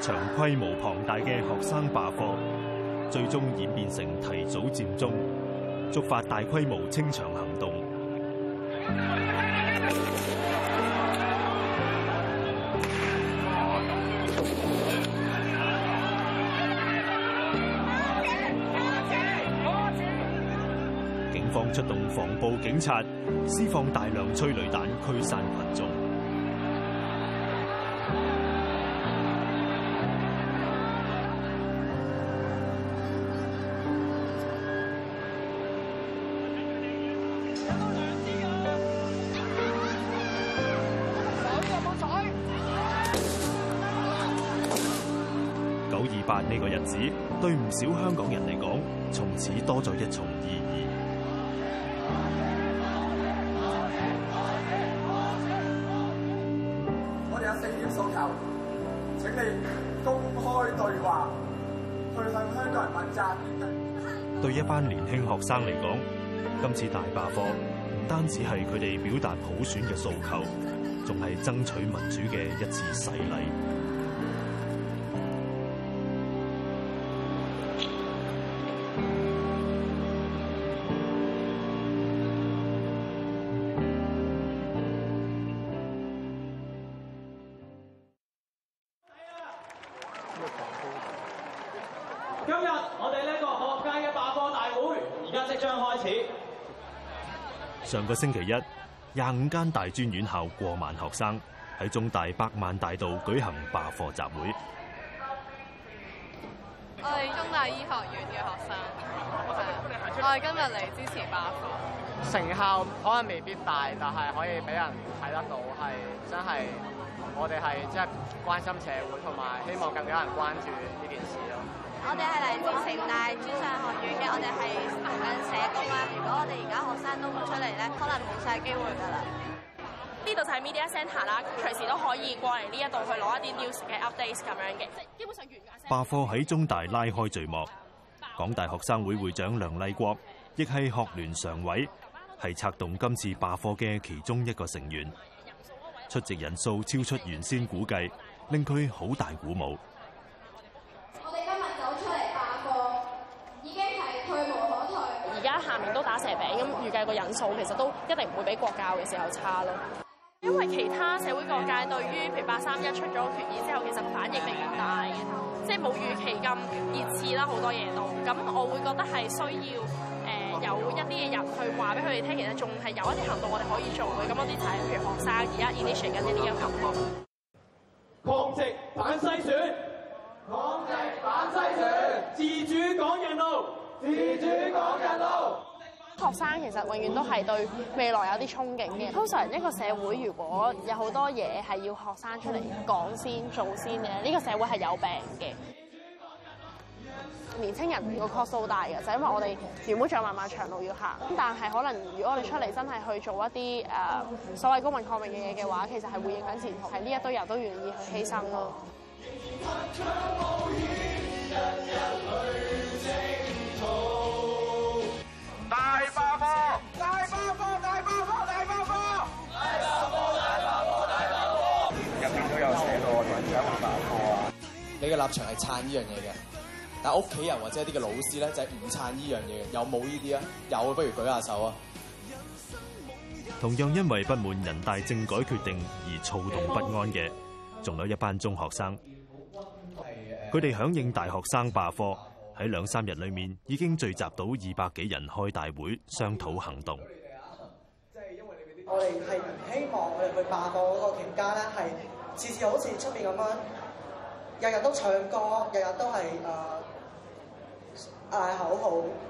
場規模龐大嘅學生罷課，最終演變成提早佔中，觸發大規模清場行動。警方出動防暴警察，施放大量催淚彈驅散群眾。子對唔少香港人嚟講，從此多咗一重意義。我哋有四點訴求，請你公開對話，去向香港人問責。對一班年輕學生嚟講，今次大罷課唔單止係佢哋表達普選嘅訴求，仲係爭取民主嘅一次洗禮。開始。上個星期一，廿五間大專院校，過萬學生喺中大百萬大道舉行罷課集會。我係中大醫學院嘅學生， 我哋今日嚟支持罷課。成效可能未必大，但係可以俾人睇得到，係真係我哋係即係關心社會，同埋希望更加人關注呢件事咯。我哋係嚟自城大專上學院嘅，我哋係做緊社工啦。如果我哋而家學生都冇出嚟咧，可能冇晒機會噶啦。呢度就係 Media Center 啦，咁隨時都可以過嚟呢一度去攞一啲 news 嘅 updates 咁樣嘅。即係基本上原價先。罷課喺中大拉開序幕，港大學生會會長梁麗國亦係學聯常委，係策動今次罷課嘅其中一個成員。出席人數超出原先估計，令佢好大鼓舞。個人數其實都一定唔會比國教嘅時候差咯，因為其他社會各界對於譬如八三一出咗決議之後，其實反應並唔大嘅，即係冇預期咁熱刺啦好多嘢都。咁我會覺得係需要誒、呃、有一啲嘅人去話俾佢哋聽，其實仲係有一啲行動我哋可以做嘅。咁我啲睇譬如學生而家 initiate 緊呢啲嘅行動抗爭、反篩選、抗爭反篩選、自主港人路、自主港人路。學生其實永遠都係對未來有啲憧憬嘅。通常一個社會如果有好多嘢係要學生出嚟講先做先嘅，呢、這個社會係有病嘅。年青人個 cost 好大嘅，就是、因為我哋原本仲有漫漫長路要行。咁但係可能如果我哋出嚟真係去做一啲誒、呃、所謂公民抗命嘅嘢嘅話，其實係會影響前途。係呢一堆人都願意去犧牲咯。仍然大爆破！大爆破！大爆大爆大爆大爆入邊都有寫到啊，團長會罷課啊。你嘅立場係撐呢樣嘢嘅，但屋企人或者一啲嘅老師咧就係唔撐呢樣嘢嘅。有冇呢啲啊？有，不如舉下手啊。同樣因為不滿人大政改決定而躁動不安嘅，仲有一班中學生，佢哋響應大學生罷課。喺兩三日裏面已經聚集到二百幾人開大會商討行動。即係因為你，我哋係唔希望我哋去霸過嗰個期間咧，係次次好似出面咁樣，日日都唱歌，日日都係誒。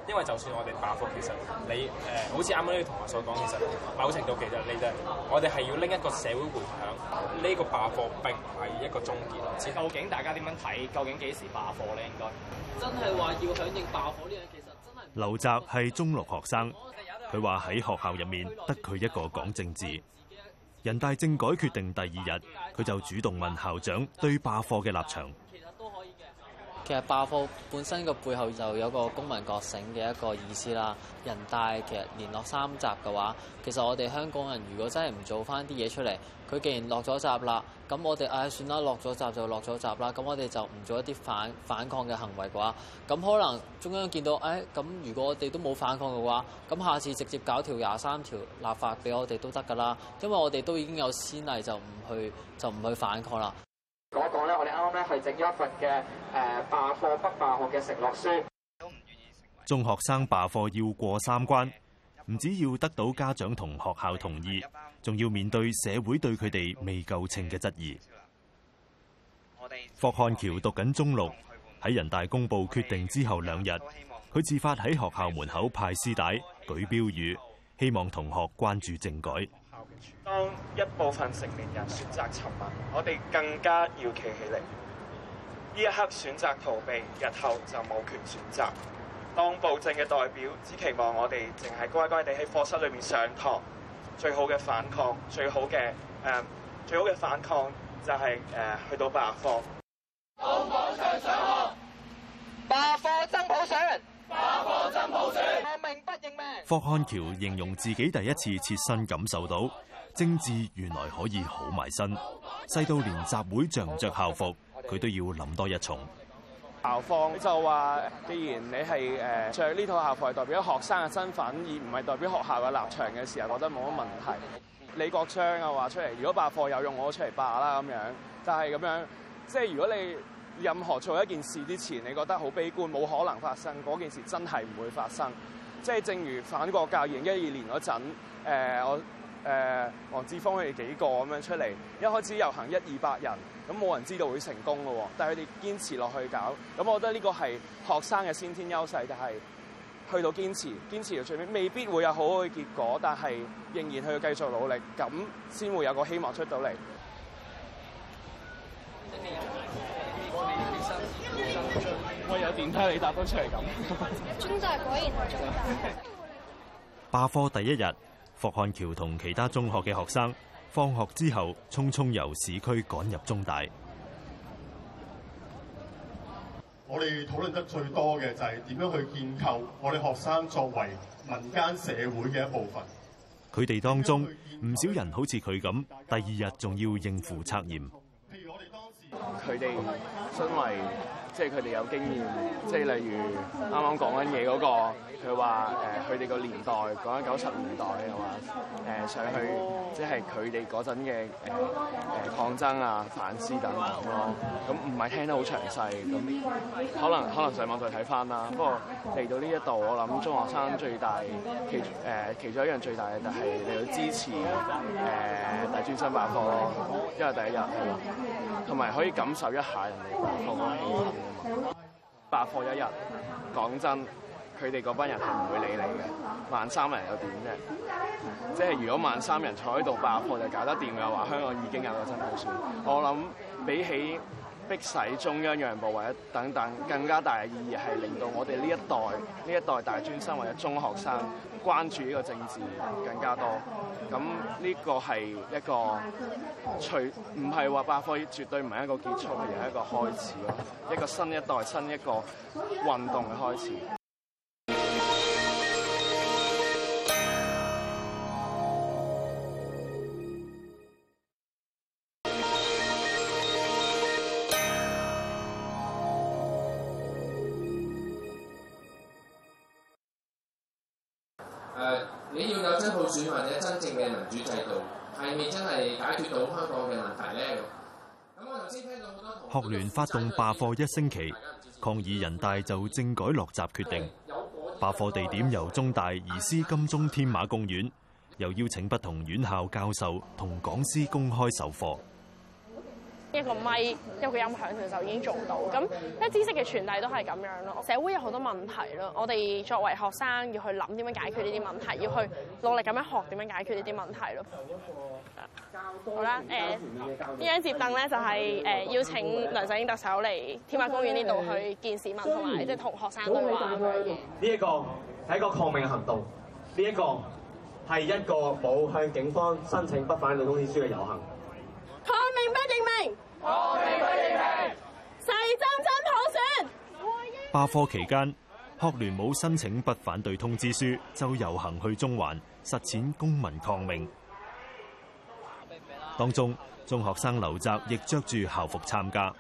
因為就算我哋罷課，其實你誒、呃，好似啱啱呢個同學所講，其實某程度其實你哋。我哋係要拎一個社會回響，呢個罷課並唔係一個終結。究竟大家點樣睇？究竟幾時罷課咧？應該真係話要響應罷課呢樣，其實真係。劉澤係中六學生，佢話喺學校入面得佢一個講政治。人大政改決定第二日，佢就主動問校長對罷課嘅立場。其實罷課本身個背後就有個公民覺醒嘅一個意思啦。人大其實連落三閘嘅話，其實我哋香港人如果真係唔做翻啲嘢出嚟，佢既然落咗閘啦，咁我哋唉、哎、算啦，落咗閘就落咗閘啦。咁我哋就唔做一啲反反抗嘅行為嘅話，咁可能中央見到唉，咁、哎、如果我哋都冇反抗嘅話，咁下次直接搞條廿三條立法俾我哋都得㗎啦。因為我哋都已經有先例就，就唔去就唔去反抗啦。嗰個咧，講講我哋啱啱咧係整咗一份嘅誒，罷課不罷學嘅承諾書。中學生罷課要過三關，唔只要得到家長同學校同意，仲要面對社會對佢哋未夠秤嘅質疑。霍漢橋讀緊中六，喺人大公布決定之後兩日，佢自發喺學校門口派絲帶、舉標語，希望同學關注政改。當一部分成年人選擇沉默，我哋更加要企起嚟。呢一刻選擇逃避，日後就冇權選擇。當暴政嘅代表，只期望我哋淨係乖乖地喺課室裏面上堂。最好嘅反抗，最好嘅誒、嗯，最好嘅反抗就係、是、誒、嗯、去到罷課，到廣場上學，罷課爭普選。霍漢橋形容自己第一次切身感受到政治原來可以好埋身，細到連集會着唔着校服，佢都要諗多一重。校方就話，既然你係誒着呢套校服係代表學生嘅身份，而唔係代表學校嘅立場嘅時候，覺得冇乜問題。李國昌啊話出嚟，如果罷課有用，我出嚟罷啦咁樣。但係咁樣即係、就是、如果你任何做一件事之前，你覺得好悲觀，冇可能發生嗰件事，真係唔會發生。即係正如反國教二零一二年嗰陣，呃，我誒黃志峰佢哋幾個咁樣出嚟，一開始遊行一二百人，咁冇人知道會成功咯。但係佢哋堅持落去搞，咁我覺得呢個係學生嘅先天優勢，就係去到堅持，堅持到最尾未必會有好好嘅結果，但係仍然去繼續努力，咁先會有個希望出到嚟。嗯我有電梯，你搭得出嚟咁？ 中大果然係中大。罷 課第一日，霍漢橋同其他中學嘅學生放學之後，匆匆由市區趕入中大。 我哋討論得最多嘅就係點樣去建構我哋學生作為民間社會嘅一部分。佢哋 當中唔少人好似佢咁，第二日仲要應付測驗。譬如我哋當時，佢哋身為即係佢哋有經驗，即係例如啱啱講緊嘢嗰個，佢話誒佢哋個年代講緊九十年代啊嘛，誒上去即係佢哋嗰陣嘅誒抗爭啊、反思等等咯，咁唔係聽得好詳細，咁可能可能上網再睇翻啦。不過嚟到呢一度，我諗中學生最大其誒、呃、其中一樣最大嘅就係嚟到支持誒大專生罷課咯，因、呃、為第一日。同埋可以感受一下人哋好唔好罷課一日。講真，佢哋嗰班人係唔會理你嘅。萬三人又點啫？嗯、即係如果萬三人坐喺度罷課就搞得掂嘅話，香港已經有個真好算。我諗比起。迫使中央讓步或者等等，更加大嘅意義係令到我哋呢一代，呢一代大專生或者中學生關注呢個政治更加多。咁呢個係一個除，唔係話罷課，絕對唔係一個結束，而係一個開始，一個新一代、新一個運動嘅開始。學聯發動罷課一星期，抗議人大就政改落閘決定。罷課地點由中大移師金鐘添馬公園，又邀請不同院校教授同講師公開授課。一個咪，一個音響，其實就已經做到。咁，啲知識嘅傳遞都係咁樣咯。社會有好多問題咯，我哋作為學生要去諗點樣解決呢啲問題，要去努力咁樣學點樣解決呢啲問題咯。嗯、好啦吧，誒、欸，依家接凳咧就係誒邀請梁振英特首嚟添馬公園呢度去見市民同埋即係同學生都對話。呢一個係一個抗命行動，呢、這個、一個係一個冇向警方申請不反對通知書嘅遊行。抗命不認命！我哋佢哋，係誓爭真普選。罷課期間，學聯冇申請不反對通知書，就遊行去中環實踐公民抗命。當中中學生劉澤亦着住校服參加。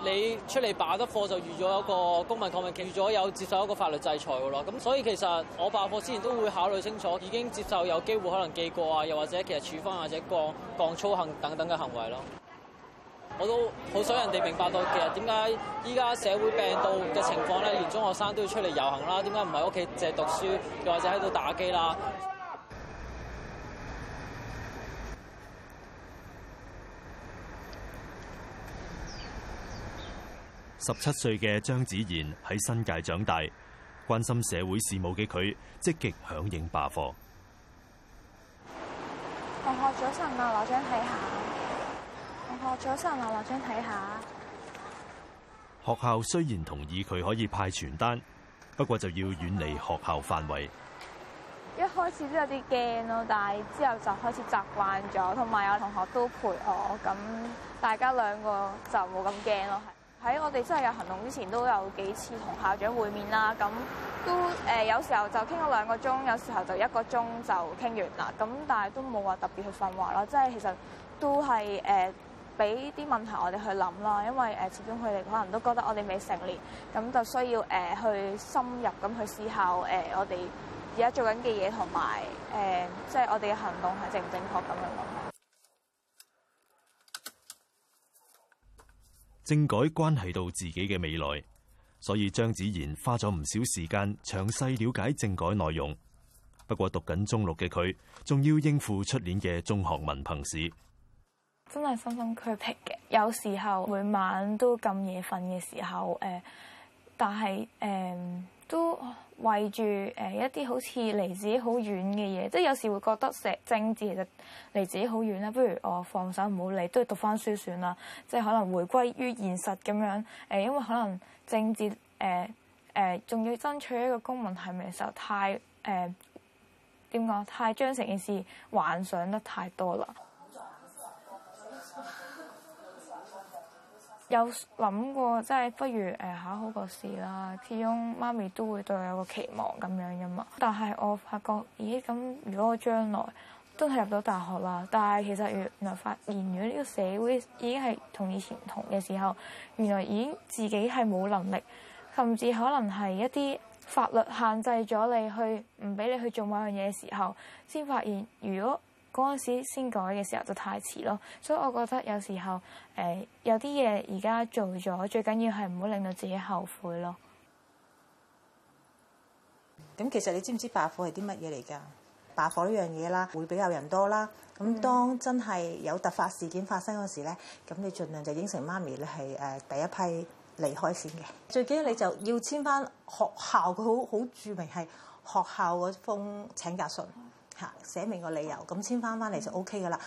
你出嚟罷得課就預咗一個公民抗命，預咗有接受一個法律制裁嘅咯。咁所以其實我罷課之前都會考慮清楚，已經接受有機會可能記過啊，又或者其實處分，或者降降操行等等嘅行為咯。我都好想人哋明白到其實點解依家社會病到嘅情況咧，連中學生都要出嚟遊行啦？點解唔喺屋企淨係讀書，又或者喺度打機啦？十七歲嘅張子賢喺新界長大，關心社會事務嘅佢積極響應罷課。我看看學咗上啊，攞張睇下。我攞張睇下。學校雖然同意佢可以派傳單，不過就要遠離學校範圍。一開始都有啲驚咯，但係之後就開始習慣咗，同埋有，有同學都陪我，咁大家兩個就冇咁驚咯。喺我哋真係有行動之前，都有幾次同校長會面啦。咁都誒、呃，有時候就傾咗兩個鐘，有時候就一個鐘就傾完啦。咁但係都冇話特別去訓話咯。即係其實都係誒，俾、呃、啲問題我哋去諗啦。因為誒、呃，始終佢哋可能都覺得我哋未成年，咁就需要誒、呃、去深入咁去思考誒、呃，我哋而家做緊嘅嘢同埋誒，即係、呃就是、我哋嘅行動係正唔正確咁樣諗。政改關係到自己嘅未來，所以張子賢花咗唔少時間詳細了解政改內容。不過讀緊中六嘅佢，仲要應付出年嘅中學文憑試，真係身心俱疲嘅。有時候每晚都咁夜瞓嘅時候，誒、呃，但係誒。呃為住誒一啲好似離自己好遠嘅嘢，即係有時會覺得成政治其實離自己好遠啦。不如我放手唔好理，都要讀翻書算啦。即係可能回歸於現實咁樣誒，因為可能政治誒誒仲要爭取一個公民提名嘅時候，太誒點講，太將成件事幻想得太多啦。有諗過，即係不如誒考、呃、好，好個試啦。始終媽咪都會對我有個期望咁樣嘅嘛。但係我發覺，咦咁如果我將來都係入到大學啦，但係其實原來發現，如果呢個社會已經係同以前唔同嘅時候，原來已經自己係冇能力，甚至可能係一啲法律限制咗你去，唔俾你去做某樣嘢嘅時候，先發現如果……嗰陣時先改嘅時候就太遲咯，所以我覺得有時候誒、呃、有啲嘢而家做咗，最緊要係唔好令到自己後悔咯。咁其實你知唔知罷課係啲乜嘢嚟㗎？罷課呢樣嘢啦，會比較人多啦。咁當真係有突發事件發生嗰時咧，咁、嗯、你盡量就應承媽咪咧係誒第一批離開先嘅。最緊要你就要簽返學校，佢好好著名係學校嗰封請假信。寫明個理由，簽返返嚟就 O K 嘅啦。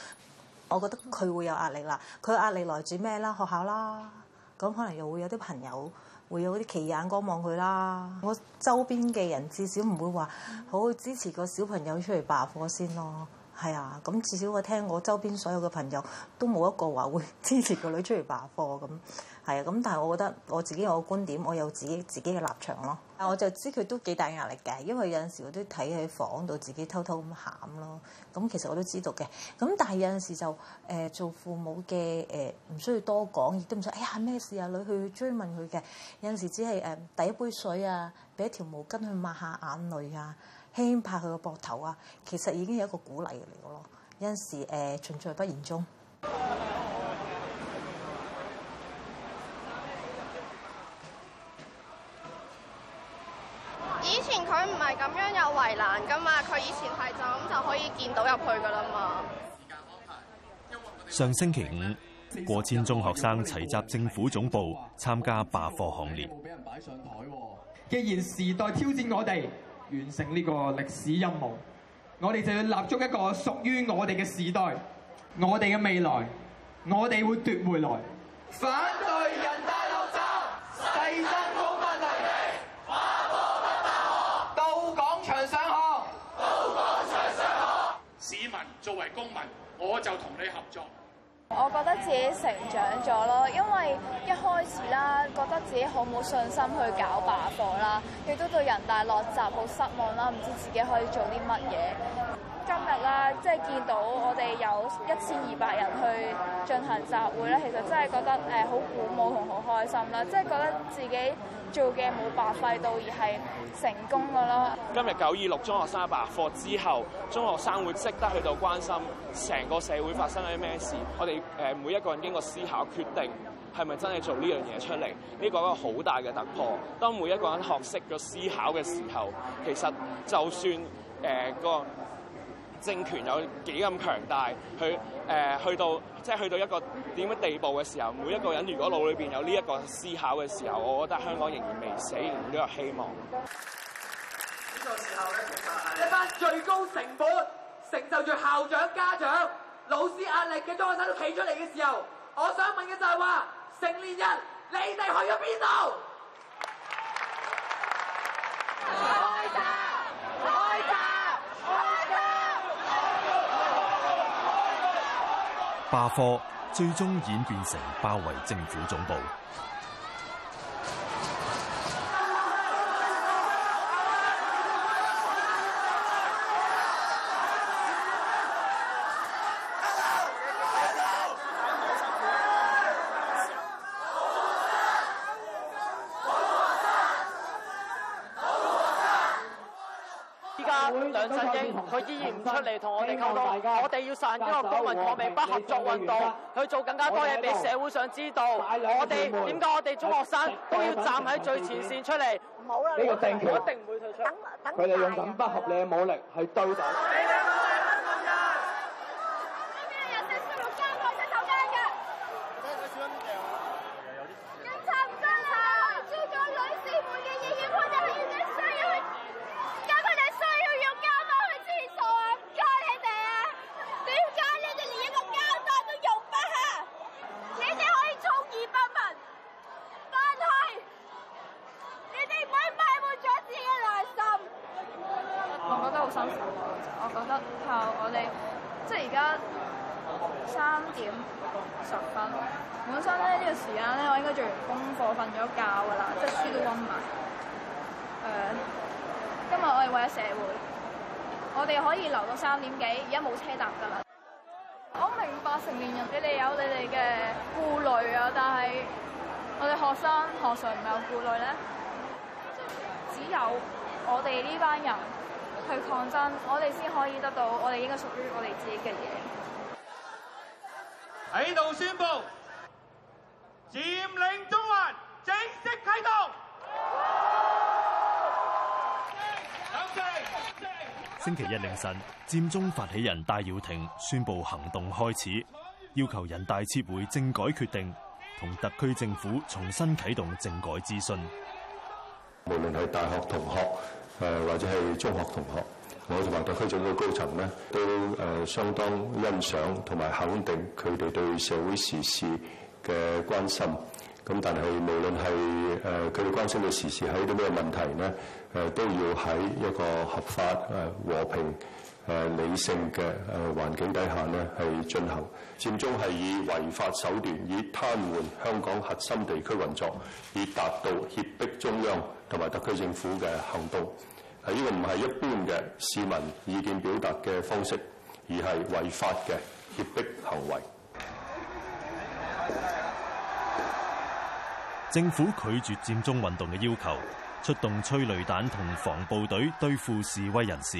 我覺得佢會有壓力啦，佢壓力來自咩啦？學校啦，咁可能又會有啲朋友會有啲奇異眼光望佢啦。我周邊嘅人至少唔會話好，好支持個小朋友出嚟罷課先咯。係啊，咁至少我聽我周邊所有嘅朋友都冇一個話會支持個女出嚟罷課咁。係咁，但係我覺得我自己有個觀點，我有自己自己嘅立場咯。我就知佢都幾大壓力嘅，因為有陣時我都睇喺房度，自己偷偷咁喊咯。咁其實我都知道嘅。咁但係有陣時就誒、呃、做父母嘅誒，唔、呃、需要多講，亦都唔想哎呀咩事啊，女去追問佢嘅。有陣時只係誒遞一杯水啊，俾一條毛巾去抹下眼淚啊，輕輕拍佢個膊頭啊，其實已經係一個鼓勵嚟嘅咯。有陣時誒，存、呃、在不言中。上星期五，過千中學生齊集政府總部參加罷課行列。既然時代挑戰我哋，完成呢個歷史任務，我哋就要立足一個屬於我哋嘅時代，我哋嘅未來，我哋會奪回來。反。作為公民，我就同你合作。我覺得自己成長咗咯，因為一開始啦，覺得自己好冇信心去搞罷課啦，亦都對人大落閘好失望啦，唔知自己可以做啲乜嘢。今日啦，即係見到我哋有一千二百人去進行集會咧，其實真係覺得誒好鼓舞同好開心啦，即係覺得自己做嘅冇白費到，而係。成功噶啦！今日九二六中學生罷課之後，中學生會識得去到關心成個社會發生咗啲咩事。我哋誒、呃、每一個人經過思考決定是是，係咪真係做呢樣嘢出嚟？呢個一個好大嘅突破。當每一個人學識咗思考嘅時候，其實就算誒、呃那個。政權有幾咁強大？佢誒、呃、去到即係去到一個點樣地步嘅時候，每一個人如果腦裏邊有呢一個思考嘅時候，我覺得香港仍然未死，仍然都有希望。呢個時候呢，其實係一班最高成本承受住校長、家長、老師壓力嘅中學生都企出嚟嘅時候，我想問嘅就係話：成年人，你哋去咗邊度？開 罷課最終演變成包圍政府總部。出嚟同我哋溝通，我哋要實現呢個公民抗命不合作運動，去做更加多嘢俾社會上知道。我哋點解我哋中學生都要站喺最前線出嚟？呢個政府一定唔會退出，佢哋用咁不合理嘅武力去對待。社會，我哋可以留到三點幾，而家冇車搭噶啦。 我明白成年人，你哋有你哋嘅顧慮啊，但係我哋學生何嘗唔係有顧慮咧？只有我哋呢班人去抗爭，我哋先可以得到我哋應該屬於我哋自己嘅嘢。喺度宣布佔領中環，正式啟動。星期一凌晨，佔中發起人戴耀廷宣布行動開始，要求人大撤回政改決定，同特區政府重新啟動政改諮詢。無論係大學同學誒，或者係中學同學，我同特區政府高層咧，都誒相當欣賞同埋肯定佢哋對社會時事嘅關心。咁但係無論係誒佢哋關心嘅時事喺啲咩問題呢？誒、呃、都要喺一個合法、誒、呃、和平、誒、呃、理性嘅誒環境底下呢去進行。佔中係以違法手段，以癱瘓香港核心地區運作，以達到脅迫中央同埋特區政府嘅行動。係，呢個唔係一般嘅市民意見表達嘅方式，而係違法嘅脅迫行為。政府拒絕佔中運動嘅要求，出動催淚彈同防暴隊對付示威人士。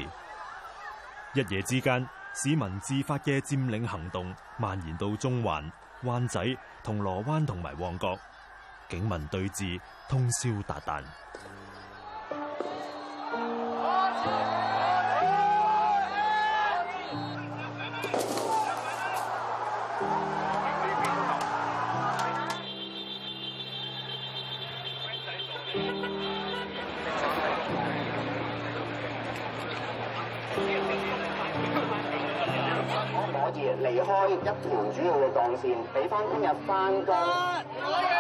一夜之間，市民自發嘅佔領行動蔓延到中環、灣仔、銅鑼灣同埋旺角，警民對峙，通宵達旦。可唔可以離開一條主要嘅幹線，俾翻今日翻工、啊。呃呃